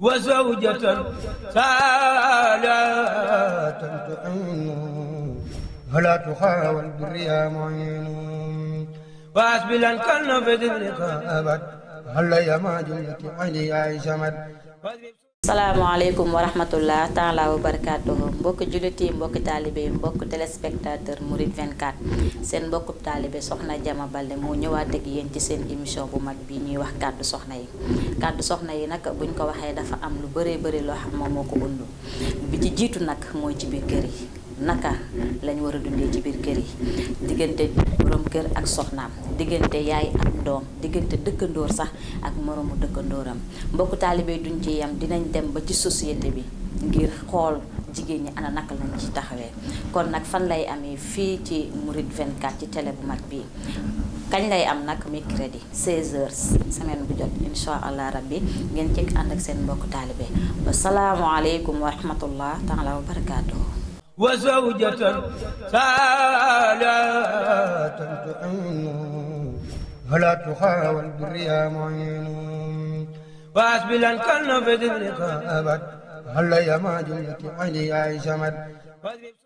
وزوجة سالات تعين فلا تخاول بريا معين واسبلا في ذلك أبد هل يا ما جلت علي عيش مد Assalamualaikum warahmatullahi taala wabarakatuh. Mbok juliti mbok talibé mbok téléspectateur Mourid 24. Sen mbok talibé soxna jama balé mo ñëwaat ak yeen ci sen émission bu mag bi ñuy wax kaddu soxna yi. Kaddu soxna yi nak buñ ko waxé dafa am lu bëré bëré lo xam mo ko undu. Bi ci jitu nak moy ci biir kër yi. Naka lañ wara dundé ci biir kër yi. Digënté jëkkër ak soxnaam diggante yaay ak doom diggante dëkkandoor sax ak moroomu dëkkandooram mbokku taalibe duñ ci yem dinañ dem ba ci société bi ngir xool jigéen ñi ana naka lañ ci taxawee kon nag fan lay amee fii ci Mouride 24 ci télé bu mag bi kañ lay am nag mercredi 16h semaine bu jot incha allah rabbi ngeen cekk ànd ak seen mbokk taalibe wasalaamualeykum wa rahmatullah taala wa barakaatuhu وزوجة سالات تعين فلا تخاول بريا معين واسبلا في ذلك أبد هل يا ما جملة علي عيش مد